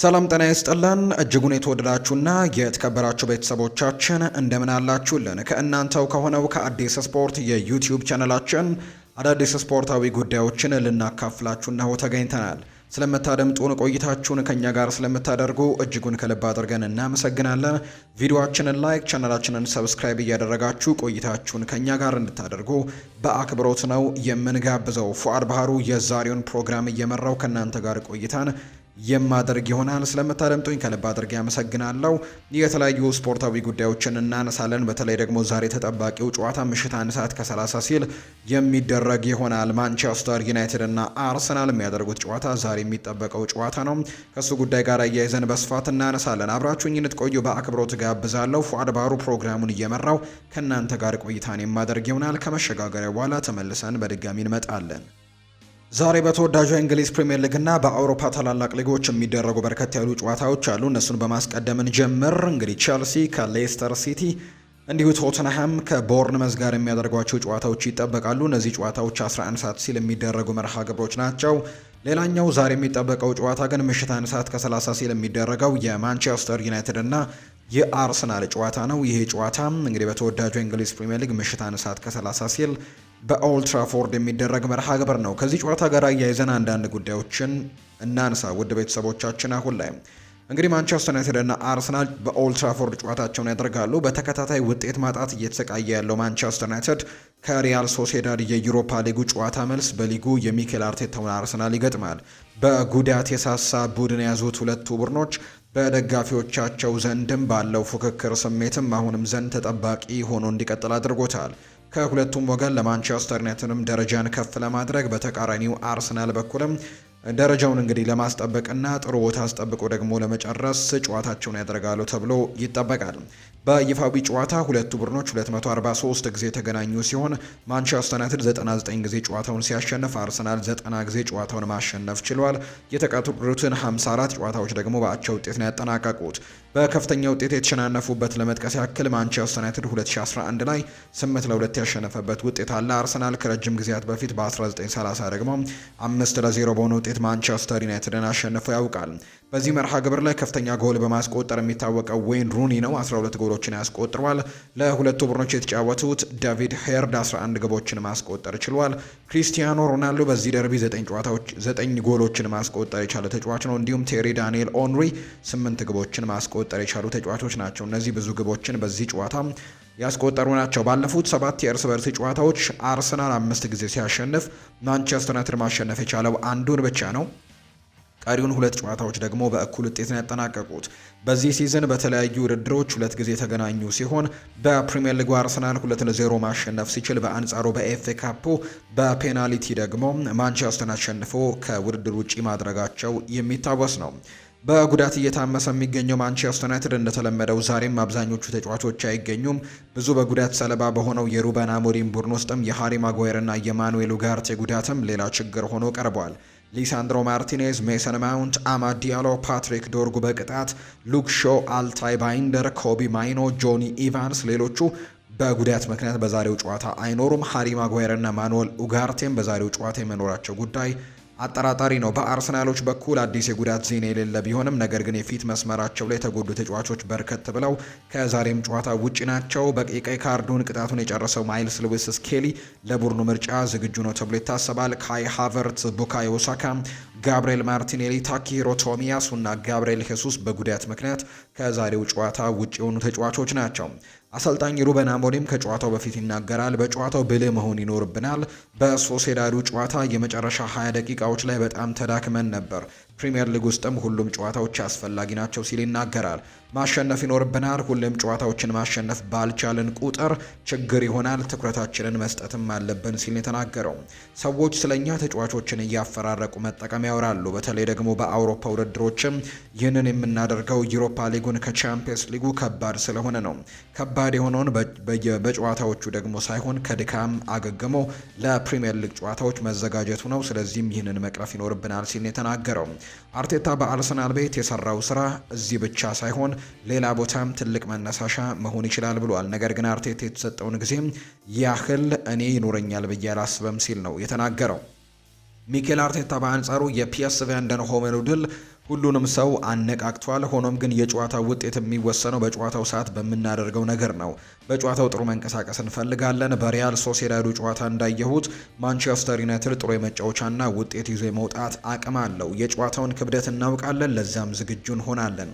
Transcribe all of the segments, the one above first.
ሰላም ጤና ይስጥልን እጅጉን የተወደዳችሁና የተከበራችሁ ቤተሰቦቻችን እንደምን አላችሁልን? ከእናንተው ከሆነው ከአዲስ ስፖርት የዩቲዩብ ቻነላችን አዳዲስ ስፖርታዊ ጉዳዮችን ልናካፍላችሁ እነሆ ተገኝተናል። ስለምታደምጡን ቆይታችሁን ከኛ ጋር ስለምታደርጉ እጅጉን ከልብ አድርገን እናመሰግናለን። ቪዲዮችንን ላይክ፣ ቻነላችንን ሰብስክራይብ እያደረጋችሁ ቆይታችሁን ከኛ ጋር እንድታደርጉ በአክብሮት ነው የምንጋብዘው። ፉአድ ባህሩ የዛሬውን ፕሮግራም እየመራው ከእናንተ ጋር ቆይታን የማደርግ ይሆናል። ስለምታደምጡኝ ከልብ አድርጌ ያመሰግናለሁ። የተለያዩ ስፖርታዊ ጉዳዮችን እናነሳለን። በተለይ ደግሞ ዛሬ ተጠባቂው ጨዋታ ምሽት አንድ ሰዓት ከ30 ሲል የሚደረግ ይሆናል። ማንቸስተር ዩናይትድ እና አርሰናል የሚያደርጉት ጨዋታ ዛሬ የሚጠበቀው ጨዋታ ነው። ከእሱ ጉዳይ ጋር እያይዘን በስፋት እናነሳለን። አብራችሁኝ እንድትቆዩ በአክብሮት ጋብዛለሁ። ፏድ ባሩ ፕሮግራሙን እየመራው ከእናንተ ጋር ቆይታን የማደርግ ይሆናል። ከመሸጋገሪያ በኋላ ተመልሰን በድጋሚ እንመጣለን። ዛሬ በተወዳጁ የእንግሊዝ ፕሪምየር ና በአውሮፓ ታላላቅ ሊጎች የሚደረጉ በርከት ያሉ ጨዋታዎች አሉ። እነሱን በማስቀደምን ጀምር እንግዲህ ቼልሲ ከሌስተር ሲቲ እንዲሁ ቶተንሃም ከቦርንመዝ ጋር የሚያደርጓቸው ጨዋታዎች ይጠበቃሉ። እነዚህ ጨዋታዎች 11 ሰዓት ሲል የሚደረጉ መርሃ ግብሮች ናቸው። ሌላኛው ዛሬ የሚጠበቀው ጨዋታ ግን ምሽት 1 ሰዓት ከ30 ሲል የሚደረገው የማንቸስተር ዩናይትድ እና የአርሰናል ጨዋታ ነው። ይሄ ጨዋታ እንግዲህ በተወዳጁ የእንግሊዝ ፕሪምየር ሊግ ምሽት 1 ሰዓት ከ30 ሲል በኦልትራፎርድ የሚደረግ መርሃ ግብር ነው። ከዚህ ጨዋታ ጋር አያይዘን አንዳንድ ጉዳዮችን እናንሳ። ውድ ቤተሰቦቻችን አሁን ላይ እንግዲህ ማንቸስተር ዩናይትድ እና አርሰናል በኦልትራፎርድ ጨዋታቸውን ያደርጋሉ። በተከታታይ ውጤት ማጣት እየተሰቃየ ያለው ማንቸስተር ዩናይትድ ከሪያል ሶሴዳድ የዩሮፓ ሊጉ ጨዋታ መልስ በሊጉ የሚኬል አርቴታውን አርሰናል ይገጥማል። በጉዳት የሳሳ ቡድን የያዙት ሁለቱ ቡድኖች በደጋፊዎቻቸው ዘንድም ባለው ፉክክር ስሜትም አሁንም ዘንድ ተጠባቂ ሆኖ እንዲቀጥል አድርጎታል። ከሁለቱም ወገን ለማንቸስተር ዩናይትድም ደረጃን ከፍ ለማድረግ በተቃራኒው አርሰናል በኩልም ደረጃውን እንግዲህ ለማስጠበቅና ጥሩ ቦታ አስጠብቆ ደግሞ ለመጨረስ ጨዋታቸውን ያደርጋሉ ተብሎ ይጠበቃል። በይፋዊ ጨዋታ ሁለቱ ቡድኖች 243 ጊዜ የተገናኙ ሲሆን ማንቸስተር ዩናይትድ 99 ጊዜ ጨዋታውን ሲያሸንፍ አርሰናል 90 ጊዜ ጨዋታውን ማሸነፍ ችሏል። የተቀሩትን 54 ጨዋታዎች ደግሞ በአቻ ውጤት ነው ያጠናቀቁት። በከፍተኛ ውጤት የተሸናነፉበት ለመጥቀስ ያክል ማንቸስተር ዩናይትድ 2011 ላይ 8 ለ2 ያሸነፈበት ውጤት አለ። አርሰናል ከረጅም ጊዜያት በፊት በ1930 ደግሞ 5 ለ0 በሆነ ውጤት ማንቸስተር ዩናይትድን አሸንፎ ያውቃል። በዚህ መርሃ ግብር ላይ ከፍተኛ ጎል በማስቆጠር የሚታወቀው ዌይን ሩኒ ነው። 12 ጎሎችን ያስቆጥሯል። ለሁለቱ ቡድኖች የተጫወቱት ዳቪድ ሄርድ 11 ግቦችን ማስቆጠር ችሏል። ክሪስቲያኖ ሮናልዶ በዚህ ደርቢ 9 ጨዋታዎች 9 ጎሎችን ማስቆጠር የቻለ ተጫዋች ነው። እንዲሁም ቴሪ ዳንኤል ኦንሪ 8 ግቦችን ማስቆጠር ማስቆጠር የቻሉ ተጫዋቾች ናቸው። እነዚህ ብዙ ግቦችን በዚህ ጨዋታ ያስቆጠሩ ናቸው። ባለፉት ሰባት የእርስ በርስ ጨዋታዎች አርሰናል አምስት ጊዜ ሲያሸንፍ ማንቸስተር ዩናይትድ ማሸነፍ የቻለው አንዱን ብቻ ነው። ቀሪውን ሁለት ጨዋታዎች ደግሞ በእኩል ውጤት ነው ያጠናቀቁት። በዚህ ሲዝን በተለያዩ ውድድሮች ሁለት ጊዜ የተገናኙ ሲሆን በፕሪምየር ሊጉ አርሰናል ሁለት ለዜሮ ማሸነፍ ሲችል፣ በአንጻሩ በኤፍኤ ኤ ካፑ በፔናልቲ ደግሞ ማንቸስተርን አሸንፎ ከውድድር ውጪ ማድረጋቸው የሚታወስ ነው። በጉዳት እየታመሰ የሚገኘው ማንቸስተር ዩናይትድ እንደተለመደው ዛሬም አብዛኞቹ ተጫዋቾች አይገኙም። ብዙ በጉዳት ሰለባ በሆነው የሩበን አሞሪም ቡድን ውስጥም የሃሪ ማጓየርና የማኑዌል ኡጋርቴ ጉዳትም ሌላ ችግር ሆኖ ቀርቧል። ሊሳንድሮ ማርቲኔዝ፣ ሜሰን ማውንት፣ አማድ ዲያሎ፣ ፓትሪክ ዶርጉ በቅጣት ሉክ ሾ፣ አልታይ ባይንደር፣ ኮቢ ማይኖ፣ ጆኒ ኢቫንስ ሌሎቹ በጉዳት ምክንያት በዛሬው ጨዋታ አይኖሩም። ሃሪ ማጓየርና ማኑዌል ኡጋርቴም በዛሬው ጨዋታ የመኖራቸው ጉዳይ አጠራጣሪ ነው። በአርሰናሎች በኩል አዲስ የጉዳት ዜና የሌለ ቢሆንም ነገር ግን የፊት መስመራቸው ላይ የተጎዱ ተጫዋቾች በርከት ብለው ከዛሬም ጨዋታ ውጪ ናቸው። በቀይ ካርዱን ቅጣቱን የጨረሰው ማይልስ ሉዊስ ስኬሊ ለቡድኑ ምርጫ ዝግጁ ነው ተብሎ ይታሰባል። ካይ ሃቨርት፣ ቡካዮ ሳካ፣ ጋብርኤል ማርቲኔሊ፣ ታኪሮ ቶሚያሱ እና ጋብርኤል ሄሱስ በጉዳት ምክንያት ከዛሬው ጨዋታ ውጭ የሆኑ ተጫዋቾች ናቸው። አሰልጣኝ ሩበን አሞሪም ከጨዋታው በፊት ይናገራል። በጨዋታው ብልህ መሆን ይኖርብናል። በሶሴዳዱ ጨዋታ የመጨረሻ 20 ደቂቃዎች ላይ በጣም ተዳክመን ነበር። ፕሪምየር ሊግ ውስጥም ሁሉም ጨዋታዎች አስፈላጊ ናቸው ሲል ይናገራል። ማሸነፍ ይኖርብናል። ሁሌም ጨዋታዎችን ማሸነፍ ባልቻልን ቁጥር ችግር ይሆናል። ትኩረታችንን መስጠትም አለብን ሲል የተናገረው ሰዎች ስለኛ ተጫዋቾችን እያፈራረቁ መጠቀም ያወራሉ። በተለይ ደግሞ በአውሮፓ ውድድሮችም ይህንን የምናደርገው ዩሮፓ ሊጉን ከቻምፒየንስ ሊጉ ከባድ ስለሆነ ነው። ከባድ የሆነውን በጨዋታዎቹ ደግሞ ሳይሆን ከድካም አገግሞ ለፕሪምየር ሊግ ጨዋታዎች መዘጋጀቱ ነው። ስለዚህም ይህንን መቅረፍ ይኖርብናል ሲል የተናገረው አርቴታ በአርሰናል ቤት የሰራው ስራ እዚህ ብቻ ሳይሆን ሌላ ቦታም ትልቅ መነሳሻ መሆን ይችላል ብሏል። ነገር ግን አርቴታ የተሰጠውን ጊዜ ያህል እኔ ይኖረኛል ብዬ አላስበም ሲል ነው የተናገረው። ሚኬል አርቴታ በአንጻሩ የፒኤስቪ አይንድሆቨን ድል ሁሉንም ሰው አነቃቅቷል። ሆኖም ግን የጨዋታው ውጤት የሚወሰነው በጨዋታው ሰዓት በምናደርገው ነገር ነው። በጨዋታው ጥሩ መንቀሳቀስ እንፈልጋለን። በሪያል ሶሴዳዱ ጨዋታ እንዳየሁት ማንቸስተር ዩናይትድ ጥሩ የመጫወቻና ውጤት ይዞ የመውጣት አቅም አለው። የጨዋታውን ክብደት እናውቃለን፣ ለዚያም ዝግጁ እንሆናለን።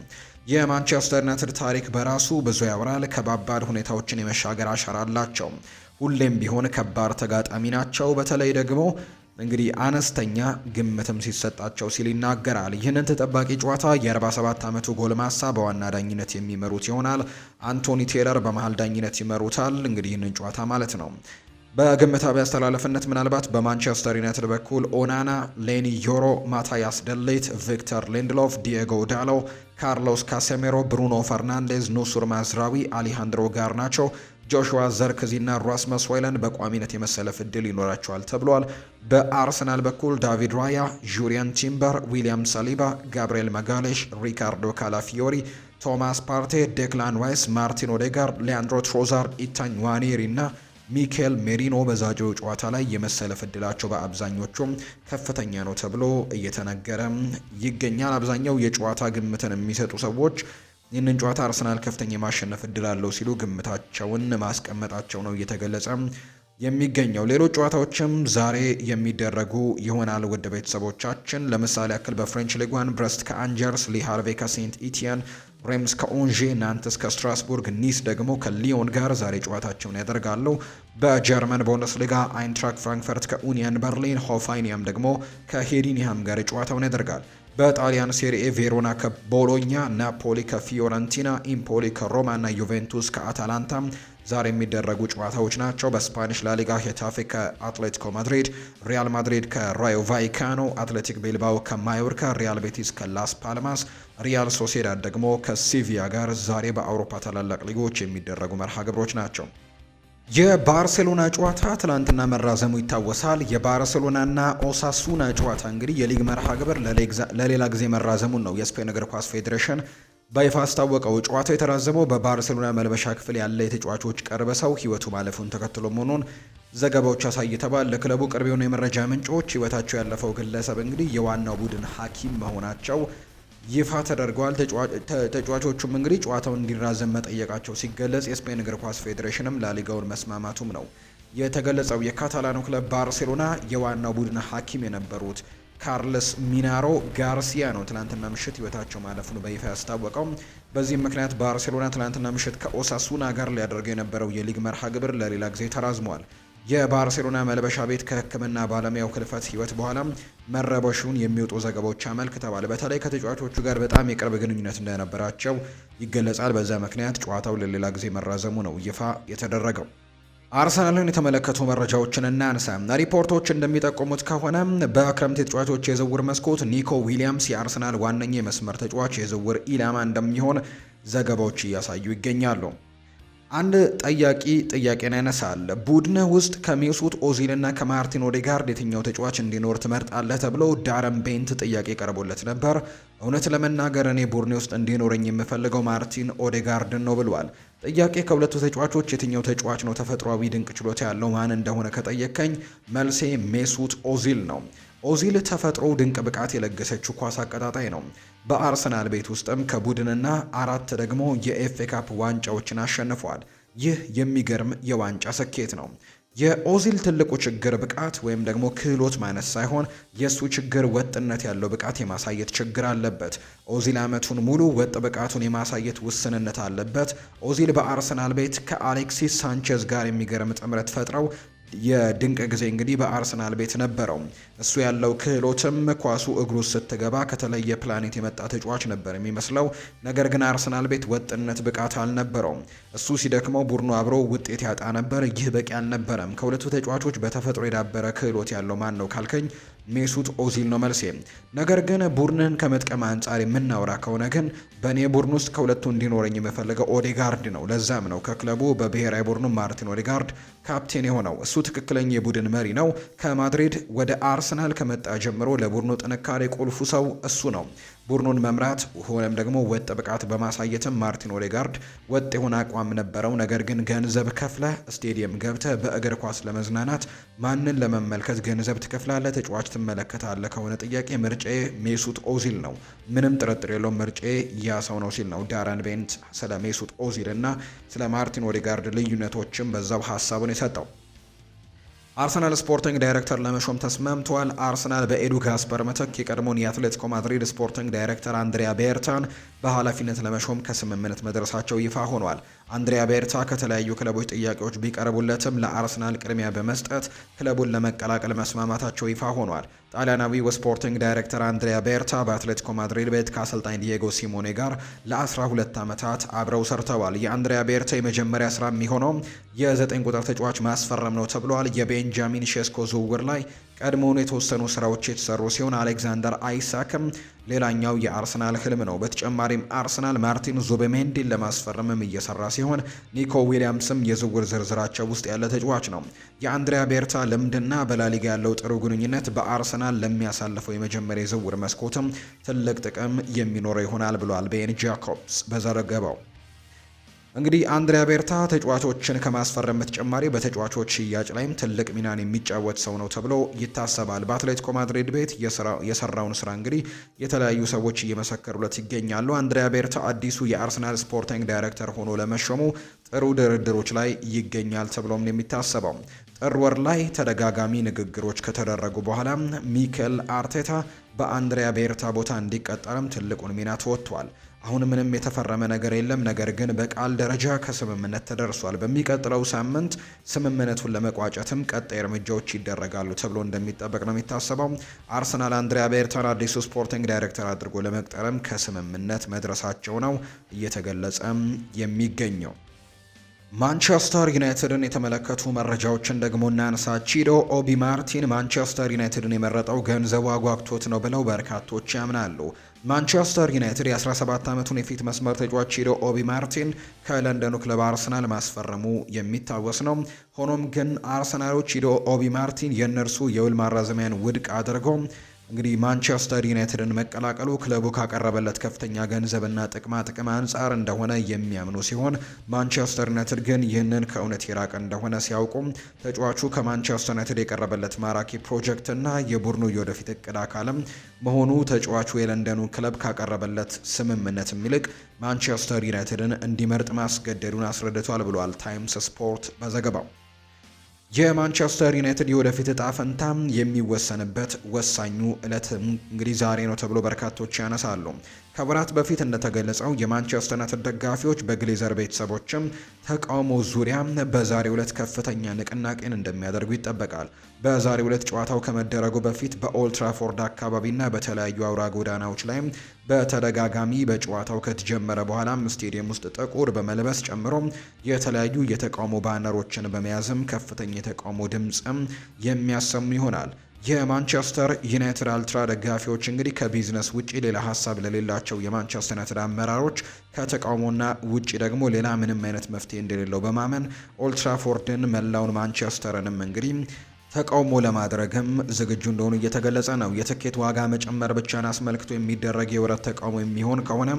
የማንቸስተር ዩናይትድ ታሪክ በራሱ ብዙ ያወራል። ከባባድ ሁኔታዎችን የመሻገር አሻራ አላቸው። ሁሌም ቢሆን ከባድ ተጋጣሚ ናቸው። በተለይ ደግሞ እንግዲህ አነስተኛ ግምትም ሲሰጣቸው ሲል ይናገራል። ይህንን ተጠባቂ ጨዋታ የ47 ዓመቱ ጎልማሳ በዋና ዳኝነት የሚመሩት ይሆናል። አንቶኒ ቴለር በመሀል ዳኝነት ይመሩታል። እንግዲህ ይህንን ጨዋታ ማለት ነው። በግምታዊ አስተላለፍነት ምናልባት በማንቸስተር ዩናይትድ በኩል ኦናና፣ ሌኒ ዮሮ፣ ማታያስ ደሌት፣ ቪክተር ሊንድሎፍ፣ ዲየጎ ዳሎ፣ ካርሎስ ካሴሜሮ፣ ብሩኖ ፈርናንዴዝ፣ ኑሱር ማዝራዊ፣ አሊሃንድሮ ጋር ናቸው ጆሹዋ ዘርክዚና ሯስ መስዌለን በቋሚነት የመሰለፍ እድል ይኖራቸዋል ተብሏል። በአርሰናል በኩል ዳቪድ ራያ፣ ጁሪያን ቲምበር፣ ዊሊያም ሳሊባ፣ ጋብርኤል መጋሌሽ፣ ሪካርዶ ካላፊዮሪ፣ ቶማስ ፓርቴ፣ ዴክላን ዋይስ፣ ማርቲን ኦዴጋር፣ ሊያንድሮ ትሮዛርድ፣ ኢታኝ ዋኔሪ እና ሚካኤል ሜሪኖ በዛጆው ጨዋታ ላይ የመሰለፍ እድላቸው በአብዛኞቹም ከፍተኛ ነው ተብሎ እየተነገረ ይገኛል። አብዛኛው የጨዋታ ግምትን የሚሰጡ ሰዎች ይህንን ጨዋታ አርሰናል ከፍተኛ የማሸነፍ እድል አለው ሲሉ ግምታቸውን ማስቀመጣቸው ነው እየተገለጸ የሚገኘው ሌሎች ጨዋታዎችም ዛሬ የሚደረጉ ይሆናል። ውድ ቤተሰቦቻችን ለምሳሌ ያክል በፍሬንች ሊጓን ብረስት ከአንጀርስ፣ ሊሃርቬ ከሴንት ኢቲያን፣ ሬምስ ከኦንዤ፣ ናንትስ ከስትራስቡርግ፣ ኒስ ደግሞ ከሊዮን ጋር ዛሬ ጨዋታቸውን ያደርጋሉ። በጀርመን ቡንደስሊጋ አይንትራክ ፍራንክፈርት ከኡኒየን በርሊን፣ ሆፋይኒያም ደግሞ ከሄዲኒያም ጋር ጨዋታውን ያደርጋል። በጣሊያን ሴሪኤ ቬሮና ከቦሎኛ፣ ናፖሊ ከፊዮረንቲና፣ ኢምፖሊ ከሮማ እና ዩቬንቱስ ከአታላንታ ዛሬ የሚደረጉ ጨዋታዎች ናቸው። በስፓኒሽ ላሊጋ ሄታፌ ከአትሌቲኮ ማድሪድ፣ ሪያል ማድሪድ ከራዮ ቫይካኖ፣ አትሌቲክ ቤልባኦ ከማዮርካ፣ ሪያል ቤቲስ ከላስ ፓልማስ፣ ሪያል ሶሴዳድ ደግሞ ከሲቪያ ጋር ዛሬ በአውሮፓ ታላላቅ ሊጎች የሚደረጉ መርሃ ግብሮች ናቸው። የባርሴሎና ጨዋታ ትላንትና መራዘሙ ይታወሳል። የባርሴሎናና ኦሳሱና ጨዋታ እንግዲህ የሊግ መርሃ ግብር ለሌላ ጊዜ መራዘሙን ነው የስፔን እግር ኳስ ፌዴሬሽን በይፋ አስታወቀው። ጨዋታው የተራዘመው በባርሴሎና መልበሻ ክፍል ያለ የተጫዋቾች ቀርበ ሰው ህይወቱ ማለፉን ተከትሎ መሆኑን ዘገባዎች አሳይተዋል። ለክለቡ ቅርብ የሆኑ የመረጃ ምንጮች ህይወታቸው ያለፈው ግለሰብ እንግዲህ የዋናው ቡድን ሐኪም መሆናቸው ይፋ ተደርገዋል። ተጫዋቾቹም እንግዲህ ጨዋታውን እንዲራዘም መጠየቃቸው ሲገለጽ የስፔን እግር ኳስ ፌዴሬሽንም ላሊጋውን መስማማቱም ነው የተገለጸው። የካታላኑ ክለብ ባርሴሎና የዋናው ቡድን ሐኪም የነበሩት ካርለስ ሚናሮ ጋርሲያ ነው ትናንትና ምሽት ህይወታቸው ማለፉን በይፋ ያስታወቀው። በዚህም ምክንያት ባርሴሎና ትላንትና ምሽት ከኦሳሱና ጋር ሊያደርገው የነበረው የሊግ መርሃ ግብር ለሌላ ጊዜ ተራዝሟል። የባርሴሎና መልበሻ ቤት ከሕክምና ባለሙያው ክልፈት ህይወት በኋላ መረበሹን የሚወጡ ዘገባዎች አመልክተዋል። በተለይ ከተጫዋቾቹ ጋር በጣም የቅርብ ግንኙነት እንደነበራቸው ይገለጻል። በዛ ምክንያት ጨዋታው ለሌላ ጊዜ መራዘሙ ነው ይፋ የተደረገው። አርሰናልን የተመለከቱ መረጃዎችን እናንሳ። ሪፖርቶች እንደሚጠቁሙት ከሆነ በክረምት የተጫዋቾች የዝውውር መስኮት ኒኮ ዊሊያምስ የአርሰናል ዋነኛ የመስመር ተጫዋች የዝውውር ኢላማ እንደሚሆን ዘገባዎች እያሳዩ ይገኛሉ። አንድ ጠያቂ ጥያቄን ያነሳል። ቡድን ውስጥ ከሜሱት ኦዚልና ከማርቲን ኦዴጋርድ የትኛው ተጫዋች እንዲኖር ትመርጣለህ ተብሎ ዳረን ቤንት ጥያቄ ቀርቦለት ነበር። እውነት ለመናገር እኔ ቡድኔ ውስጥ እንዲኖረኝ የምፈልገው ማርቲን ኦዴጋርድን ነው ብሏል። ጥያቄ ከሁለቱ ተጫዋቾች የትኛው ተጫዋች ነው ተፈጥሯዊ ድንቅ ችሎታ ያለው ማን እንደሆነ ከጠየቀኝ መልሴ ሜሱት ኦዚል ነው። ኦዚል ተፈጥሮ ድንቅ ብቃት የለገሰችው ኳስ አቀጣጣይ ነው። በአርሰናል ቤት ውስጥም ከቡድንና አራት ደግሞ የኤፍኤ ካፕ ዋንጫዎችን አሸንፏል። ይህ የሚገርም የዋንጫ ስኬት ነው። የኦዚል ትልቁ ችግር ብቃት ወይም ደግሞ ክህሎት ማነስ ሳይሆን የእሱ ችግር ወጥነት ያለው ብቃት የማሳየት ችግር አለበት። ኦዚል ዓመቱን ሙሉ ወጥ ብቃቱን የማሳየት ውስንነት አለበት። ኦዚል በአርሰናል ቤት ከአሌክሲስ ሳንቼዝ ጋር የሚገርም ጥምረት ፈጥረው የድንቅ ጊዜ እንግዲህ በአርሰናል ቤት ነበረው። እሱ ያለው ክህሎትም ኳሱ እግሩ ስትገባ ከተለየ ፕላኔት የመጣ ተጫዋች ነበር የሚመስለው። ነገር ግን አርሰናል ቤት ወጥነት ብቃት አልነበረውም። እሱ ሲደክመው ቡድኑ አብሮ ውጤት ያጣ ነበር። ይህ በቂ አልነበረም። ከሁለቱ ተጫዋቾች በተፈጥሮ የዳበረ ክህሎት ያለው ማን ነው ካልከኝ ሜሱት ኦዚል ነው መልሴ። ነገር ግን ቡድንህን ከመጥቀም አንጻር የምናወራ ከሆነ ግን በእኔ ቡድን ውስጥ ከሁለቱ እንዲኖረኝ የምፈልገው ኦዴጋርድ ነው። ለዛም ነው ከክለቡ በብሔራዊ ቡድኑ ማርቲን ኦዴጋርድ ካፕቴን የሆነው። እሱ ትክክለኛ የቡድን መሪ ነው። ከማድሪድ ወደ አርሰናል ከመጣ ጀምሮ ለቡድኑ ጥንካሬ ቁልፉ ሰው እሱ ነው። ቡድኑን መምራት ሆነም ደግሞ ወጥ ብቃት በማሳየትም ማርቲን ኦዴጋርድ ወጥ የሆነ አቋም ነበረው። ነገር ግን ገንዘብ ከፍለህ ስቴዲየም ገብተህ በእግር ኳስ ለመዝናናት ማንን ለመመልከት ገንዘብ ትከፍላለህ፣ ተጫዋች ትመለከታለህ ከሆነ ጥያቄ ምርጬ ሜሱት ኦዚል ነው፣ ምንም ጥርጥር የለውም ምርጬ ያ ሰው ነው ሲል ነው ዳረን ቤንት ስለ ሜሱት ኦዚል እና ስለ ማርቲን ኦዴጋርድ ልዩነቶችም በዛው ሀሳቡን የሰጠው። አርሰናል ስፖርቲንግ ዳይሬክተር ለመሾም ተስማምቷል። አርሰናል በኤዱ ጋስፐር ምትክ የቀድሞውን የአትሌቲኮ ማድሪድ ስፖርቲንግ ዳይሬክተር አንድሪያ ቤርታን በኃላፊነት ለመሾም ከስምምነት መድረሳቸው ይፋ ሆኗል። አንድሪያ ቤርታ ከተለያዩ ክለቦች ጥያቄዎች ቢቀርቡለትም ለአርሰናል ቅድሚያ በመስጠት ክለቡን ለመቀላቀል መስማማታቸው ይፋ ሆኗል። ጣሊያናዊው ስፖርቲንግ ዳይሬክተር አንድሪያ ቤርታ በአትሌቲኮ ማድሪድ ቤት ከአሰልጣኝ ዲየጎ ሲሞኔ ጋር ለ12 ዓመታት አብረው ሰርተዋል። የአንድሪያ ቤርታ የመጀመሪያ ስራ የሚሆነው የዘጠኝ ቁጥር ተጫዋች ማስፈረም ነው ተብሏል። የቤንጃሚን ሼስኮ ዝውውር ላይ ቀድሞውኑ የተወሰኑ ስራዎች የተሰሩ ሲሆን አሌክዛንደር አይሳክም ሌላኛው የአርሰናል ህልም ነው። በተጨማሪም አርሰናል ማርቲን ዙቤሜንዲን ለማስፈረምም እየሰራ ሲሆን ኒኮ ዊሊያምስም የዝውውር ዝርዝራቸው ውስጥ ያለ ተጫዋች ነው። የአንድሪያ ቤርታ ልምድና በላሊጋ ያለው ጥሩ ግንኙነት በአርሰናል ለሚያሳልፈው የመጀመሪያ የዝውውር መስኮትም ትልቅ ጥቅም የሚኖረው ይሆናል ብሏል ቤን ጃኮብስ በዘረገበው እንግዲህ አንድሪያ ቤርታ ተጫዋቾችን ከማስፈረም በተጨማሪ በተጫዋቾች ሽያጭ ላይም ትልቅ ሚናን የሚጫወት ሰው ነው ተብሎ ይታሰባል። በአትሌቲኮ ማድሪድ ቤት የሰራውን ስራ እንግዲህ የተለያዩ ሰዎች እየመሰከሩለት ይገኛሉ። አንድሪያ ቤርታ አዲሱ የአርሰናል ስፖርቲንግ ዳይሬክተር ሆኖ ለመሾሙ ጥሩ ድርድሮች ላይ ይገኛል ተብሎም የሚታሰበው ጥር ወር ላይ ተደጋጋሚ ንግግሮች ከተደረጉ በኋላ ሚኬል አርቴታ በአንድሪያ ቤርታ ቦታ እንዲቀጠርም ትልቁን ሚና ተወጥቷል። አሁን ምንም የተፈረመ ነገር የለም፣ ነገር ግን በቃል ደረጃ ከስምምነት ተደርሷል። በሚቀጥለው ሳምንት ስምምነቱን ለመቋጨትም ቀጣይ እርምጃዎች ይደረጋሉ ተብሎ እንደሚጠበቅ ነው የሚታሰበው። አርሰናል አንድሪያ ቤርታን አዲሱ ስፖርቲንግ ዳይሬክተር አድርጎ ለመቅጠርም ከስምምነት መድረሳቸው ነው እየተገለጸም የሚገኘው። ማንቸስተር ዩናይትድን የተመለከቱ መረጃዎችን ደግሞ እናንሳ። ቺዶ ኦቢ ማርቲን ማንቸስተር ዩናይትድን የመረጠው ገንዘቡ አጓግቶት ነው ብለው በርካቶች ያምናሉ። ማንቸስተር ዩናይትድ የ17 ዓመቱን የፊት መስመር ተጫዋች ቺዶ ኦቢ ማርቲን ከለንደኑ ክለብ አርሰናል ማስፈረሙ የሚታወስ ነው። ሆኖም ግን አርሰናሎች ቺዶ ኦቢ ማርቲን የእነርሱ የውል ማራዘሚያን ውድቅ አድርገው እንግዲህ ማንቸስተር ዩናይትድን መቀላቀሉ ክለቡ ካቀረበለት ከፍተኛ ገንዘብና ጥቅማ ጥቅም አንጻር እንደሆነ የሚያምኑ ሲሆን ማንቸስተር ዩናይትድ ግን ይህንን ከእውነት የራቀ እንደሆነ ሲያውቁም ተጫዋቹ ከማንቸስተር ዩናይትድ የቀረበለት ማራኪ ፕሮጀክትና የቡድኑ የወደፊት እቅድ አካልም መሆኑ ተጫዋቹ የለንደኑ ክለብ ካቀረበለት ስምምነት ይልቅ ማንቸስተር ዩናይትድን እንዲመርጥ ማስገደዱን አስረድቷል ብሏል ታይምስ ስፖርት በዘገባው። የማንቸስተር ዩናይትድ የወደፊት እጣ ፈንታም የሚወሰንበት ወሳኙ እለት እንግዲህ ዛሬ ነው ተብሎ በርካቶች ያነሳሉ። ከወራት በፊት እንደተገለጸው የማንቸስተር ዩናይትድ ደጋፊዎች በግሌዘር ቤተሰቦችም ተቃውሞ ዙሪያ በዛሬው ዕለት ከፍተኛ ንቅናቄን እንደሚያደርጉ ይጠበቃል። በዛሬው ዕለት ጨዋታው ከመደረጉ በፊት በኦልትራፎርድ አካባቢና በተለያዩ አውራ ጎዳናዎች ላይም በተደጋጋሚ በጨዋታው ከተጀመረ በኋላም ስቴዲየም ውስጥ ጥቁር በመልበስ ጨምሮ የተለያዩ የተቃውሞ ባነሮችን በመያዝም ከፍተኛ የተቃውሞ ድምፅም የሚያሰሙ ይሆናል። የማንቸስተር ዩናይትድ አልትራ ደጋፊዎች እንግዲህ ከቢዝነስ ውጪ ሌላ ሀሳብ ለሌላቸው የማንቸስተር ዩናይትድ አመራሮች ከተቃውሞና ውጪ ደግሞ ሌላ ምንም አይነት መፍትሄ እንደሌለው በማመን ኦልትራፎርድን መላውን ማንቸስተርንም እንግዲህ ተቃውሞ ለማድረግም ዝግጁ እንደሆኑ እየተገለጸ ነው። የትኬት ዋጋ መጨመር ብቻን አስመልክቶ የሚደረግ የውረት ተቃውሞ የሚሆን ከሆነ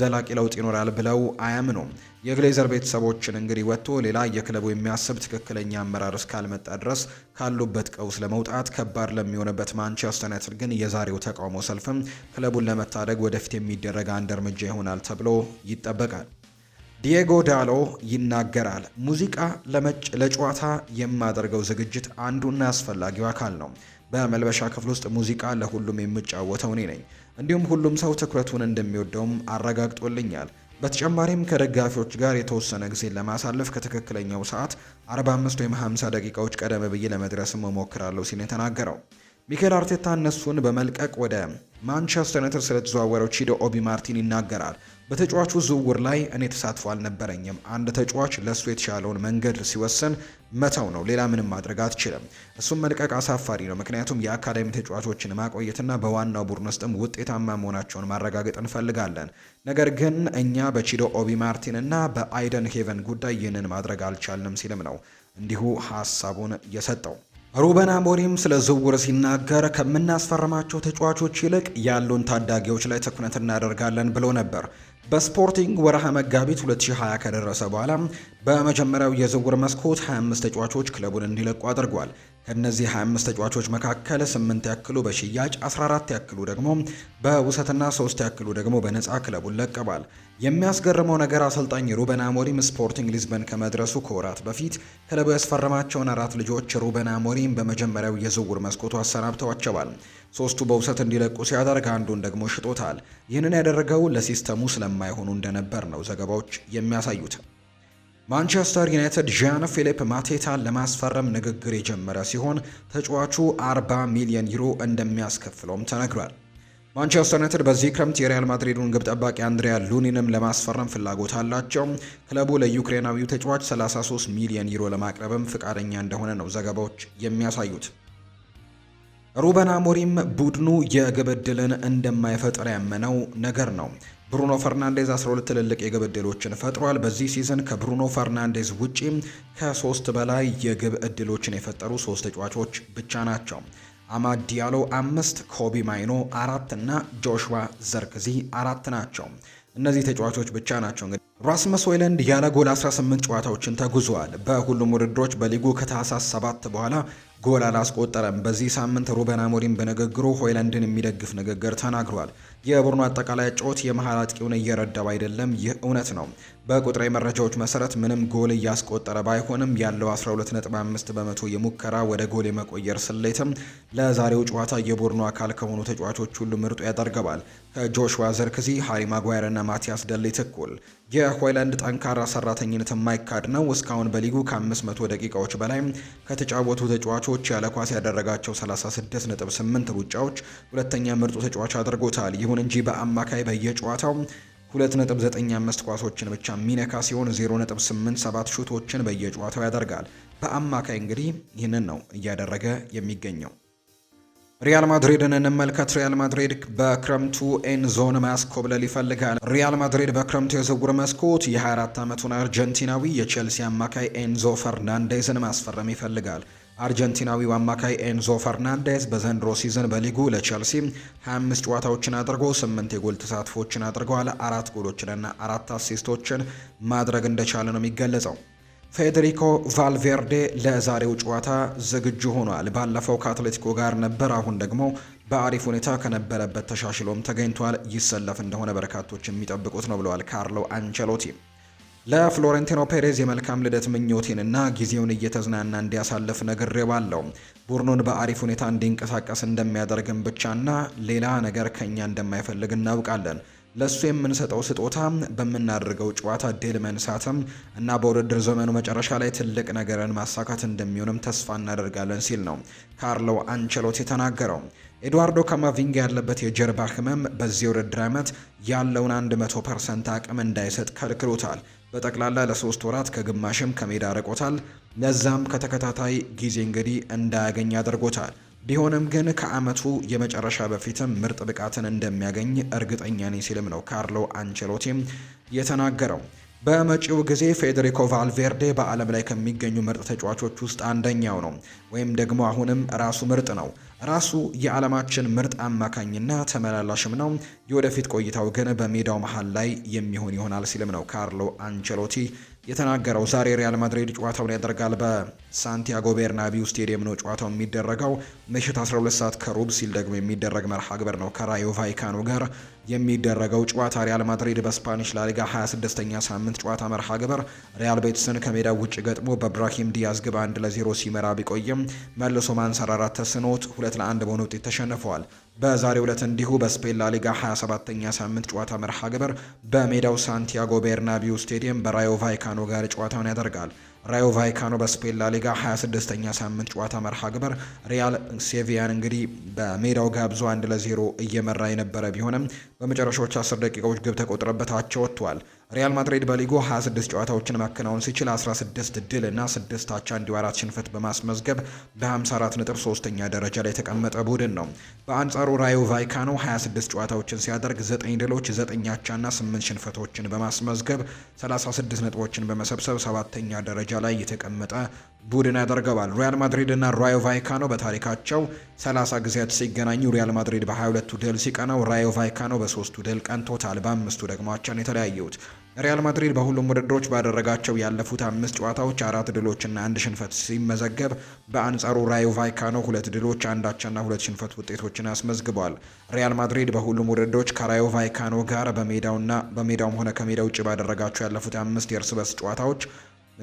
ዘላቂ ለውጥ ይኖራል ብለው አያምኑም። የግሌዘር ቤተሰቦችን እንግዲህ ወጥቶ ሌላ የክለቡ የሚያስብ ትክክለኛ አመራር እስካልመጣ ድረስ ካሉበት ቀውስ ለመውጣት ከባድ ለሚሆንበት ማንቸስተር ዩናይትድ ግን የዛሬው ተቃውሞ ሰልፍም ክለቡን ለመታደግ ወደፊት የሚደረግ አንድ እርምጃ ይሆናል ተብሎ ይጠበቃል። ዲየጎ ዳሎ ይናገራል። ሙዚቃ ለመጭ ለጨዋታ የማደርገው ዝግጅት አንዱና አስፈላጊው አካል ነው። በመልበሻ ክፍል ውስጥ ሙዚቃ ለሁሉም የምጫወተው እኔ ነኝ። እንዲሁም ሁሉም ሰው ትኩረቱን እንደሚወደውም አረጋግጦልኛል። በተጨማሪም ከደጋፊዎች ጋር የተወሰነ ጊዜ ለማሳለፍ ከትክክለኛው ሰዓት 45 ወይም 50 ደቂቃዎች ቀደም ብዬ ለመድረስም እሞክራለሁ ሲል የተናገረው ሚካኤል አርቴታ እነሱን በመልቀቅ ወደ ማንቸስተር ዩናይትድ ስለተዘዋወረው ቺዶ ኦቢ ማርቲን ይናገራል። በተጫዋቹ ዝውውር ላይ እኔ ተሳትፎ አልነበረኝም። አንድ ተጫዋች ለእሱ የተሻለውን መንገድ ሲወስን መተው ነው። ሌላ ምንም ማድረግ አትችልም። እሱም መልቀቅ አሳፋሪ ነው፣ ምክንያቱም የአካዳሚ ተጫዋቾችን ማቆየትና በዋናው ቡድን ውስጥም ውጤታማ መሆናቸውን ማረጋገጥ እንፈልጋለን። ነገር ግን እኛ በቺዶ ኦቢ ማርቲን እና በአይደን ሄቨን ጉዳይ ይህንን ማድረግ አልቻልንም ሲልም ነው እንዲሁ ሀሳቡን የሰጠው። ሩበን አሞሪም ስለ ዝውውር ሲናገር ከምናስፈርማቸው ተጫዋቾች ይልቅ ያሉን ታዳጊዎች ላይ ትኩረት እናደርጋለን ብሎ ነበር። በስፖርቲንግ ወርሃ መጋቢት 2020 ከደረሰ በኋላ በመጀመሪያው የዝውውር መስኮት 25 ተጫዋቾች ክለቡን እንዲለቁ አድርጓል። ከእነዚህ 25 ተጫዋቾች መካከል ስምንት ያክሉ በሽያጭ 14 ያክሉ ደግሞ በውሰትና ሶስት ያክሉ ደግሞ በነፃ ክለቡን ለቀባል። የሚያስገርመው ነገር አሰልጣኝ ሩበን አሞሪም ስፖርቲንግ ሊዝበን ከመድረሱ ከወራት በፊት ክለቡ ያስፈረማቸውን አራት ልጆች ሩበን አሞሪም በመጀመሪያው የዝውውር መስኮቱ አሰናብተዋቸዋል። ሶስቱ በውሰት እንዲለቁ ሲያደርግ አንዱን ደግሞ ሽጦታል። ይህንን ያደረገው ለሲስተሙ ስለማይሆኑ እንደነበር ነው ዘገባዎች የሚያሳዩት። ማንቸስተር ዩናይትድ ዣን ፊሊፕ ማቴታን ለማስፈረም ንግግር የጀመረ ሲሆን ተጫዋቹ 40 ሚሊዮን ዩሮ እንደሚያስከፍለውም ተነግሯል። ማንቸስተር ዩናይትድ በዚህ ክረምት የሪያል ማድሪዱን ግብ ጠባቂ አንድሪያ ሉኒንም ለማስፈረም ፍላጎት አላቸው። ክለቡ ለዩክሬናዊው ተጫዋች 33 ሚሊዮን ዩሮ ለማቅረብም ፍቃደኛ እንደሆነ ነው ዘገባዎች የሚያሳዩት። ሩበን አሞሪም ቡድኑ የግብ ዕድልን እንደማይፈጥር ያመነው ነገር ነው። ብሩኖ ፈርናንዴዝ 12 ትልልቅ የግብ እድሎችን ፈጥሯል። በዚህ ሲዝን ከብሩኖ ፈርናንዴዝ ውጪ ከሶስት በላይ የግብ እድሎችን የፈጠሩ ሶስት ተጫዋቾች ብቻ ናቸው። አማድ ዲያሎ አምስት፣ ኮቢ ማይኖ አራት እና ጆሹዋ ዘርክዚ አራት ናቸው። እነዚህ ተጫዋቾች ብቻ ናቸው። እንግዲህ ራስመስ ሆይለንድ ያለ ጎል 18 ጨዋታዎችን ተጉዟል። በሁሉም ውድድሮች በሊጉ ከታህሳስ 7 በኋላ ጎል አላስቆጠረም። በዚህ ሳምንት ሩበን አሞሪም በንግግሩ ሆይለንድን የሚደግፍ ንግግር ተናግሯል። የቡድኑ አጠቃላይ ጮት የመሀል አጥቂውን እየረዳው አይደለም። ይህ እውነት ነው። በቁጥራዊ መረጃዎች መሰረት ምንም ጎል እያስቆጠረ ባይሆንም ያለው 12.5 በመቶ የሙከራ ወደ ጎል የመቆየር ስሌትም ለዛሬው ጨዋታ የቡድኑ አካል ከሆኑ ተጫዋቾች ሁሉ ምርጡ ያደርገዋል። ከጆሹዋ ዘርክዚ፣ ሃሪ ማጓየር እና ማቲያስ ደሌት እኩል የሆይላንድ ጠንካራ ሰራተኝነት የማይካድ ነው። እስካሁን በሊጉ ከ500 ደቂቃዎች በላይ ከተጫወቱ ተጫዋቾች ያለ ኳስ ያደረጋቸው 36.8 ሩጫዎች ሁለተኛ ምርጡ ተጫዋች አድርጎታል። ይሁን እንጂ በአማካይ በየጨዋታው 2.95 ኳሶችን ብቻ ሚነካ ሲሆን 0.87 ሹቶችን በየጨዋታው ያደርጋል። በአማካይ እንግዲህ ይህንን ነው እያደረገ የሚገኘው። ሪያል ማድሪድን እንመልከት። ሪያል ማድሪድ በክረምቱ ኤንዞን ማስኮብለል ይፈልጋል። ሪያል ማድሪድ በክረምቱ የዝውውር መስኮት የ24 ዓመቱን አርጀንቲናዊ የቼልሲ አማካይ ኤንዞ ፈርናንዴዝን ማስፈረም ይፈልጋል። አርጀንቲናዊው አማካይ ኤንዞ ፈርናንዴዝ በዘንድሮ ሲዝን በሊጉ ለቼልሲ 25 ጨዋታዎችን አድርጎ 8 የጎል ተሳትፎችን አድርገዋል። አራት ጎሎችንና አራት አሲስቶችን ማድረግ እንደቻለ ነው የሚገለጸው። ፌዴሪኮ ቫልቬርዴ ለዛሬው ጨዋታ ዝግጁ ሆኗል። ባለፈው ከአትሌቲኮ ጋር ነበር። አሁን ደግሞ በአሪፍ ሁኔታ ከነበረበት ተሻሽሎም ተገኝቷል። ይሰለፍ እንደሆነ በርካቶች የሚጠብቁት ነው ብለዋል ካርሎ አንቸሎቲ። ለፍሎሬንቲኖ ፔሬዝ የመልካም ልደት ምኞቴንና ጊዜውን እየተዝናና እንዲያሳልፍ ነግሬዋለሁ። ቡድኑን በአሪፍ ሁኔታ እንዲንቀሳቀስ እንደሚያደርግን ብቻና ሌላ ነገር ከኛ እንደማይፈልግ እናውቃለን ለእሱ የምንሰጠው ስጦታ በምናደርገው ጨዋታ ድል መንሳትም እና በውድድር ዘመኑ መጨረሻ ላይ ትልቅ ነገርን ማሳካት እንደሚሆንም ተስፋ እናደርጋለን ሲል ነው ካርሎ አንቸሎት የተናገረው። ኤድዋርዶ ካማቪንጋ ያለበት የጀርባ ህመም በዚህ ውድድር ዓመት ያለውን 100 ፐርሰንት አቅም እንዳይሰጥ ከልክሎታል። በጠቅላላ ለሶስት ወራት ከግማሽም ከሜዳ ርቆታል። ለዛም ከተከታታይ ጊዜ እንግዲህ እንዳያገኝ አድርጎታል። ቢሆንም ግን ከአመቱ የመጨረሻ በፊትም ምርጥ ብቃትን እንደሚያገኝ እርግጠኛ ነኝ ሲልም ነው ካርሎ አንቸሎቲም የተናገረው። በመጪው ጊዜ ፌዴሪኮ ቫልቬርዴ በዓለም ላይ ከሚገኙ ምርጥ ተጫዋቾች ውስጥ አንደኛው ነው፣ ወይም ደግሞ አሁንም ራሱ ምርጥ ነው። ራሱ የዓለማችን ምርጥ አማካኝና ተመላላሽም ነው። የወደፊት ቆይታው ግን በሜዳው መሀል ላይ የሚሆን ይሆናል ሲልም ነው ካርሎ አንቸሎቲ የተናገረው። ዛሬ ሪያል ማድሪድ ጨዋታውን ያደርጋል በሳንቲያጎ ቤርናቢው ስቴዲየም ነው ጨዋታው የሚደረገው። ምሽት 12 ሰዓት ከሩብ ሲል ደግሞ የሚደረግ መርሃ ግብር ነው ከራዮ ቫይካኖ ጋር የሚደረገው ጨዋታ ሪያል ማድሪድ በስፓኒሽ ላሊጋ 26ኛ ሳምንት ጨዋታ መርሃ ግብር ሪያል ቤትስን ከሜዳ ውጭ ገጥሞ በብራሂም ዲያዝ ግብ ለ0 ሲመራ ቢቆይም መልሶ ማንሰራራት ተስኖት ለ1 በሆነ ውጤት ተሸንፈዋል። በዛሬው ዕለት እንዲሁ በስፔን ላሊጋ 27ኛ ሳምንት ጨዋታ መርሃ ግብር በሜዳው ሳንቲያጎ ቤርናቢዩ ስቴዲየም በራዮ ቫይካኖ ጋር ጨዋታውን ያደርጋል። ራዮ ቫይካኖ በስፔን ላሊጋ 26ኛ ሳምንት ጨዋታ መርሃ ግብር ሪያል ሴቪያን እንግዲህ በሜዳው ጋብዞ አንድ ለዜሮ እየመራ የነበረ ቢሆንም በመጨረሻዎች 10 ደቂቃዎች ግብ ተቆጥረበታቸው ወጥቷል። ሪያል ማድሪድ በሊጉ 26 ጨዋታዎችን ማከናወን ሲችል 16 ድል እና 6 አቻ እንዲሁ አራት ሽንፈት በማስመዝገብ በ54 ነጥብ ሶስተኛ ደረጃ ላይ የተቀመጠ ቡድን ነው። በአንጻሩ ራዮ ቫይካኖ 26 ጨዋታዎችን ሲያደርግ 9 ድሎች፣ 9 አቻና 8 ሽንፈቶችን በማስመዝገብ 36 ነጥቦችን በመሰብሰብ ሰባተኛ ደረጃ ላይ የተቀመጠ ቡድን ያደርገዋል። ሪያል ማድሪድ እና ራዮ ቫይካኖ በታሪካቸው 30 ጊዜያት ሲገናኙ ሪያል ማድሪድ በ22ቱ ድል ሲቀናው ራዮ ቫይካኖ በሶስቱ ድል ቀንቶታል። በአምስቱ ደግሞ አቻን የተለያዩት ሪያል ማድሪድ በሁሉም ውድድሮች ባደረጋቸው ያለፉት አምስት ጨዋታዎች አራት ድሎችና አንድ ሽንፈት ሲመዘገብ በአንጻሩ ራዮ ቫይካኖ ሁለት ድሎች አንዳቸና ሁለት ሽንፈት ውጤቶችን አስመዝግቧል። ሪያል ማድሪድ በሁሉም ውድድሮች ከራዮ ቫይካኖ ጋር በሜዳውና በሜዳውም ሆነ ከሜዳ ውጭ ባደረጋቸው ያለፉት አምስት የእርስ በርስ ጨዋታዎች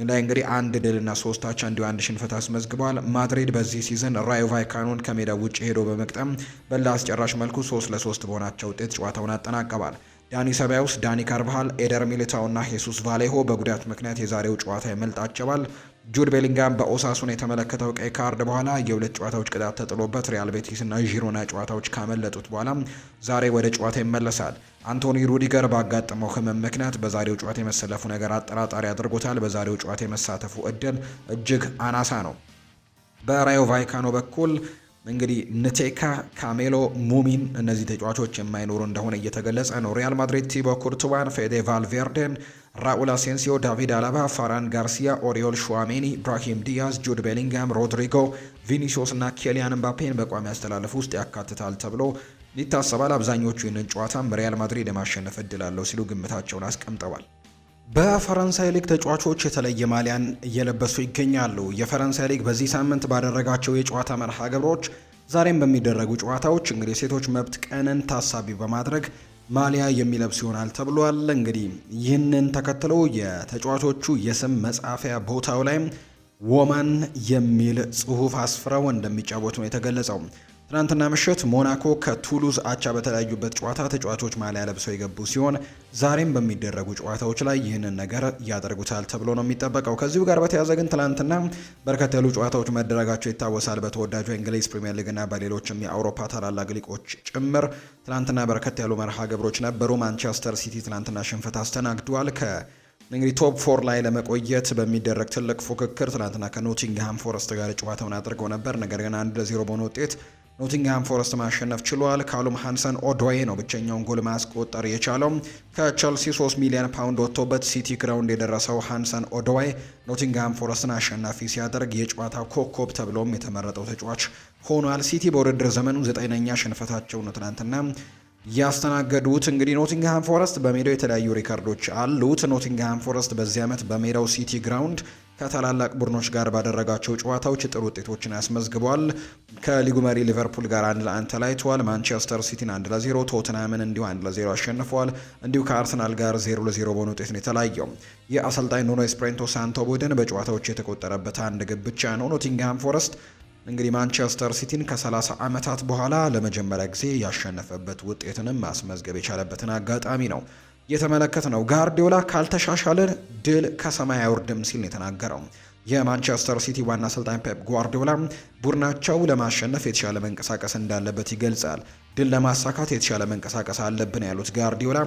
ላይ እንግዲህ አንድ ድልና ሶስት አቻ እንዲሁ አንድ ሽንፈት አስመዝግበዋል። ማድሪድ በዚህ ሲዝን ራዮ ቫይካኖን ከሜዳ ውጭ ሄዶ በመቅጠም በላ መልኩ ሶስት ለሶስት በሆናቸው ውጤት ጨዋታውን አጠናቀባል። ዳኒ ሰባዮስ፣ ዳኒ ካርባሃል፣ ኤደር ሚሊታው ሄሱስ ቫሌሆ በጉዳት ምክንያት የዛሬው ጨዋታ ይመልጣቸዋል። ጁድ ቤሊንጋም በኦሳሱን የተመለከተው ቀይ ካርድ በኋላ የሁለት ጨዋታዎች ቅጣት ተጥሎበት ሪያል ቤቲስ እና ዢሮና ጨዋታዎች ካመለጡት በኋላ ዛሬ ወደ ጨዋታ ይመለሳል። አንቶኒ ሩዲገር ባጋጠመው ሕመም ምክንያት በዛሬው ጨዋታ የመሰለፉ ነገር አጠራጣሪ አድርጎታል። በዛሬው ጨዋታ የመሳተፉ እድል እጅግ አናሳ ነው። በራዮ ቫይካኖ በኩል እንግዲህ ንቴካ፣ ካሜሎ ሙሚን እነዚህ ተጫዋቾች የማይኖሩ እንደሆነ እየተገለጸ ነው። ሪያል ማድሪድ ቲቦ ኩርቱዋን፣ ፌዴ ቫልቬርደን፣ ራኡል አሴንሲዮ፣ ዳቪድ አላባ፣ ፋራን ጋርሲያ፣ ኦሪዮል ሹዋሜኒ፣ ብራሂም ዲያዝ፣ ጁድ ቤሊንጋም፣ ሮድሪጎ፣ ቪኒሲዮስ እና ኬሊያን ምባፔን በቋሚ አስተላለፍ ውስጥ ያካትታል ተብሎ ይታሰባል። አብዛኞቹ ይህንን ጨዋታም ሪያል ማድሪድ የማሸነፍ እድል አለው ሲሉ ግምታቸውን አስቀምጠዋል። በፈረንሳይ ሊግ ተጫዋቾች የተለየ ማሊያን እየለበሱ ይገኛሉ። የፈረንሳይ ሊግ በዚህ ሳምንት ባደረጋቸው የጨዋታ መርሃ ግብሮች ዛሬም በሚደረጉ ጨዋታዎች እንግዲህ የሴቶች መብት ቀንን ታሳቢ በማድረግ ማሊያ የሚለብስ ይሆናል ተብሏል። እንግዲህ ይህንን ተከትሎ የተጫዋቾቹ የስም መጻፊያ ቦታው ላይ ወማን የሚል ጽሑፍ አስፍረው እንደሚጫወቱ ነው የተገለጸው። ትናንትና ምሽት ሞናኮ ከቱሉዝ አቻ በተለያዩበት ጨዋታ ተጫዋቾች ማሊያ ለብሰው የገቡ ሲሆን ዛሬም በሚደረጉ ጨዋታዎች ላይ ይህንን ነገር ያደርጉታል ተብሎ ነው የሚጠበቀው። ከዚሁ ጋር በተያያዘ ግን ትናንትና በርከት ያሉ ጨዋታዎች መደረጋቸው ይታወሳል። በተወዳጁ የእንግሊዝ ፕሪምየር ሊግና በሌሎችም የአውሮፓ ታላላቅ ሊቆች ጭምር ትናንትና በርከት ያሉ መርሃ ግብሮች ነበሩ። ማንቸስተር ሲቲ ትናንትና ሽንፈት አስተናግዷል። ከ እንግዲህ ቶፕ ፎር ላይ ለመቆየት በሚደረግ ትልቅ ፉክክር ትናንትና ከኖቲንግሃም ፎረስት ጋር ጨዋታውን አድርገው ነበር። ነገር ግን አንድ ለዜሮ በሆነ ውጤት ኖቲንግሃም ፎረስት ማሸነፍ ችሏል። ካሉም ሃንሰን ኦዶዬ ነው ብቸኛውን ጎል ማስቆጠር የቻለው። ከቸልሲ 3 ሚሊዮን ፓውንድ ወጥቶበት ሲቲ ግራውንድ የደረሰው ሃንሰን ኦዶዬ ኖቲንግሃም ፎረስትን አሸናፊ ሲያደርግ የጨዋታ ኮከብ ተብሎም የተመረጠው ተጫዋች ሆኗል። ሲቲ በውድድር ዘመኑ ዘጠነኛ ሽንፈታቸው ነው ትናንትና ያስተናገዱት እንግዲህ ኖቲንግሃም ፎረስት በሜዳው የተለያዩ ሪከርዶች አሉት። ኖቲንግሃም ፎረስት በዚህ ዓመት በሜዳው ሲቲ ግራውንድ ከታላላቅ ቡድኖች ጋር ባደረጋቸው ጨዋታዎች ጥሩ ውጤቶችን አስመዝግቧል። ከሊጉ መሪ ሊቨርፑል ጋር አንድ ለአንድ ተለያይተዋል። ማንቸስተር ሲቲን አንድ ለዜሮ፣ ቶትናምን እንዲሁ አንድ ለዜሮ አሸንፈዋል። እንዲሁ ከአርሰናል ጋር ዜሮ ለዜሮ በሆነ ውጤት ነው የተለያየው። የአሰልጣኝ ኑኖ ኤስፕሬንቶ ሳንቶ ቡድን በጨዋታዎች የተቆጠረበት አንድ ግብ ብቻ ነው። ኖቲንግሃም ፎረስት እንግዲህ ማንቸስተር ሲቲን ከ30 ዓመታት በኋላ ለመጀመሪያ ጊዜ ያሸነፈበት ውጤትንም ማስመዝገብ የቻለበትን አጋጣሚ ነው የተመለከት ነው። ጋርዲዮላ ካልተሻሻለ ድል ከሰማይ አይወርድም ሲል ነው የተናገረው። የማንቸስተር ሲቲ ዋና አሰልጣኝ ፔፕ ጓርዲዮላ ቡድናቸው ለማሸነፍ የተሻለ መንቀሳቀስ እንዳለበት ይገልጻል። ድል ለማሳካት የተሻለ መንቀሳቀስ አለብን ያሉት ጋርዲዮላ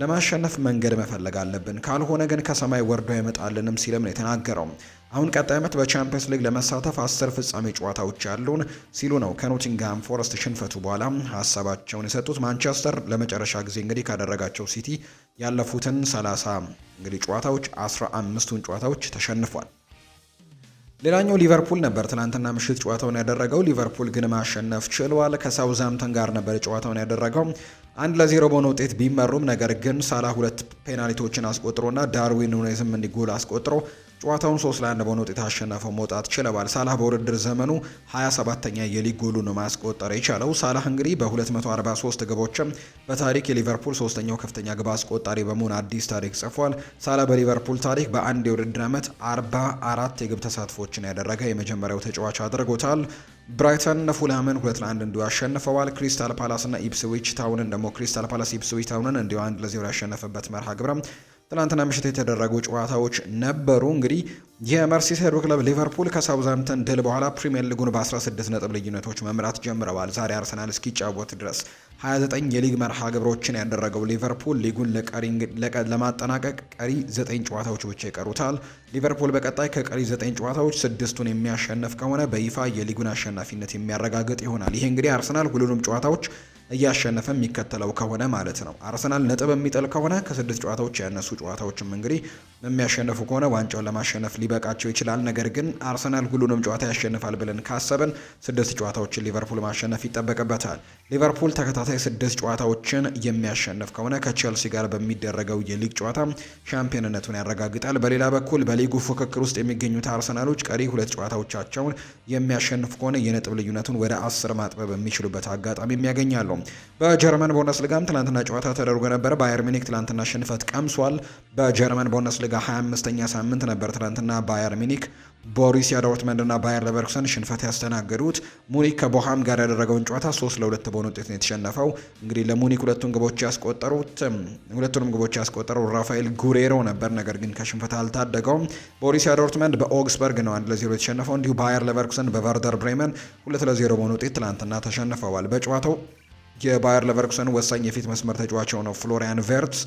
ለማሸነፍ መንገድ መፈለግ አለብን፣ ካልሆነ ግን ከሰማይ ወርዶ አይመጣልንም ሲልም ነው የተናገረው። አሁን ቀጣይ ዓመት በቻምፒየንስ ሊግ ለመሳተፍ አስር ፍጻሜ ጨዋታዎች ያሉን ሲሉ ነው ከኖቲንግሃም ፎረስት ሽንፈቱ በኋላ ሀሳባቸውን የሰጡት። ማንቸስተር ለመጨረሻ ጊዜ እንግዲህ ካደረጋቸው ሲቲ ያለፉትን 30 እንግዲህ ጨዋታዎች 15ቱን ጨዋታዎች ተሸንፏል። ሌላኛው ሊቨርፑል ነበር። ትናንትና ምሽት ጨዋታውን ያደረገው ሊቨርፑል ግን ማሸነፍ ችሏል። ከሳውዛምተን ጋር ነበር ጨዋታውን ያደረገው። አንድ ለዜሮ በሆነ ውጤት ቢመሩም ነገር ግን ሳላ ሁለት ፔናልቲዎችን አስቆጥሮና ዳርዊን ኑኔዝም እንዲጎል አስቆጥሮ ጨዋታውን ሶስት ለአንድ በሆነ ውጤት አሸነፈው መውጣት ችለዋል። ሳላህ በውድድር ዘመኑ 27ተኛ የሊግ ጎሉ ነው ማስቆጠር የቻለው ሳላህ እንግዲህ በ243 ግቦችም በታሪክ የሊቨርፑል ሶስተኛው ከፍተኛ ግብ አስቆጣሪ በመሆን አዲስ ታሪክ ጽፏል። ሳላህ በሊቨርፑል ታሪክ በአንድ የውድድር ዓመት 44 የግብ ተሳትፎችን ያደረገ የመጀመሪያው ተጫዋች አድርጎታል። ብራይተን ፉልሃምን ሁለት ለአንድ እንዲሁ አሸንፈዋል። ክሪስታል ፓላስ እና ኢፕስዊች ታውንን ደግሞ ክሪስታል ፓላስ ኢፕስዊች ታውንን እንዲሁ አንድ ለዜሮ ያሸነፈበት መርሃ ግብረም ትናንትና ምሽት የተደረጉ ጨዋታዎች ነበሩ። እንግዲህ የመርሲሳይዱ ክለብ ሊቨርፑል ከሳውዛምተን ድል በኋላ ፕሪምየር ሊጉን በ16 ነጥብ ልዩነቶች መምራት ጀምረዋል። ዛሬ አርሰናል እስኪጫወት ድረስ 29 የሊግ መርሃ ግብሮችን ያደረገው ሊቨርፑል ሊጉን ለማጠናቀቅ ቀሪ 9 ጨዋታዎች ብቻ ይቀሩታል። ሊቨርፑል በቀጣይ ከቀሪ 9 ጨዋታዎች ስድስቱን የሚያሸንፍ ከሆነ በይፋ የሊጉን አሸናፊነት የሚያረጋግጥ ይሆናል። ይሄ እንግዲህ አርሰናል ሁሉንም ጨዋታዎች እያሸነፈ የሚከተለው ከሆነ ማለት ነው። አርሰናል ነጥብ የሚጥል ከሆነ ከስድስት ጨዋታዎች ያነሱ ጨዋታዎችም እንግዲህ የሚያሸንፉ ከሆነ ዋንጫውን ለማሸነፍ ሊበቃቸው ይችላል። ነገር ግን አርሰናል ሁሉንም ጨዋታ ያሸንፋል ብለን ካሰብን ስድስት ጨዋታዎችን ሊቨርፑል ማሸነፍ ይጠበቅበታል። ሊቨርፑል ተከታታይ ስድስት ጨዋታዎችን የሚያሸንፍ ከሆነ ከቼልሲ ጋር በሚደረገው የሊግ ጨዋታ ሻምፒዮንነቱን ያረጋግጣል። በሌላ በኩል በሊጉ ፉክክር ውስጥ የሚገኙት አርሰናሎች ቀሪ ሁለት ጨዋታዎቻቸውን የሚያሸንፉ ከሆነ የነጥብ ልዩነቱን ወደ አስር ማጥበብ የሚችሉበት አጋጣሚ ያገኛሉ። በጀርመን ቡንደስሊጋም ትናንትና ጨዋታ ተደርጎ ነበር። ባየር ሚኒክ ትናንትና ሽንፈት ቀምሷል። በጀርመን ቡንደስሊጋ ቡንደስሊጋ 25ኛ ሳምንት ነበር ትናንትና ባየር ሚኒክ ቦሪሲያ ዶርትመንድ ዶርትመንድና ባየር ለቨርኩሰን ሽንፈት ያስተናገዱት። ሙኒክ ከቦሃም ጋር ያደረገውን ጨዋታ ሶስት ለሁለት በሆነ ውጤት ነው የተሸነፈው። እንግዲህ ለሙኒክ ሁለቱን ግቦች ያስቆጠሩት ሁለቱንም ግቦች ያስቆጠሩት ራፋኤል ጉሬሮ ነበር፣ ነገር ግን ከሽንፈት አልታደገውም። ቦሪሲያ ዶርትመንድ በኦግስበርግ ነው አንድ ለዜሮ የተሸነፈው። እንዲሁ ባየር ለቨርኩሰን በቨርደር ብሬመን ሁለት ለዜሮ በሆነ ውጤት ትላንትና ተሸንፈዋል። በጨዋታው የባየር ለቨርኩሰን ወሳኝ የፊት መስመር ተጫዋች የሆነው ፍሎሪያን ቬርትስ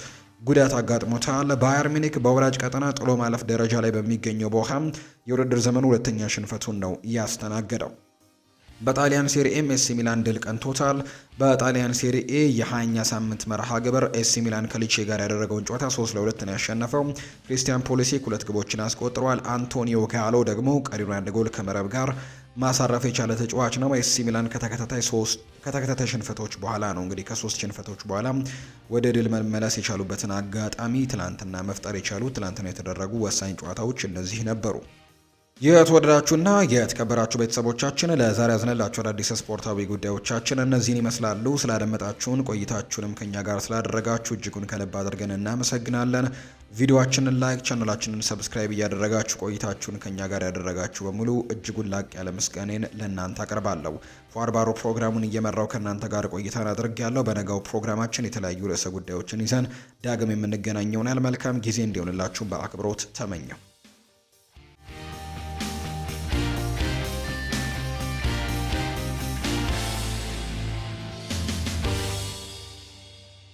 ጉዳት አጋጥሞታል። ባየር ሚኒክ በወራጅ ቀጠና ጥሎ ማለፍ ደረጃ ላይ በሚገኘው ቦሃም የውድድር ዘመኑ ሁለተኛ ሽንፈቱን ነው ያስተናገደው። በጣሊያን ኤም ኤሲ ሚላን ድል ቀንቶታል። በጣሊያን ሴሪኤ የሀያኛ ሳምንት መርሃ ግብር ኤሲ ሚላን ከሊቼ ጋር ያደረገውን ጨዋታ ሶስት ለሁለት ነው ያሸነፈው። ክሪስቲያን ፖሊሲክ ሁለት ግቦችን አስቆጥሯል። አንቶኒዮ ጋሎ ደግሞ ቀሪሩ አንድ ጎል ከመረብ ጋር ማሳረፍ የቻለ ተጫዋች ነው። ኤሲ ሚላን ከተከታታይ ሶስት ከተከታታይ ሽንፈቶች በኋላ ነው እንግዲህ ከሶስት ሽንፈቶች በኋላ ወደ ድል መመለስ የቻሉበትን አጋጣሚ ትላንትና መፍጠር የቻሉ ትላንትና የተደረጉ ወሳኝ ጨዋታዎች እነዚህ ነበሩ። የተወደዳችሁና የተከበራችሁ ቤተሰቦቻችን ለዛሬ ያዝነላችሁ አዳዲስ ስፖርታዊ ጉዳዮቻችን እነዚህን ይመስላሉ። ስላደመጣችሁን ቆይታችሁንም ከኛ ጋር ስላደረጋችሁ እጅጉን ከልብ አድርገን እናመሰግናለን። ቪዲዮአችንን ላይክ ቻናላችንን ሰብስክራይብ እያደረጋችሁ ቆይታችሁን ከኛ ጋር ያደረጋችሁ በሙሉ እጅጉን ላቅ ያለ ምስጋኔን ለእናንተ አቀርባለሁ። ፏርባሮ ፕሮግራሙን እየመራው ከእናንተ ጋር ቆይታን አድርግ ያለው። በነገው ፕሮግራማችን የተለያዩ ርዕሰ ጉዳዮችን ይዘን ዳግም የምንገናኘውን ያል መልካም ጊዜ እንዲሆንላችሁ በአክብሮት ተመኘው።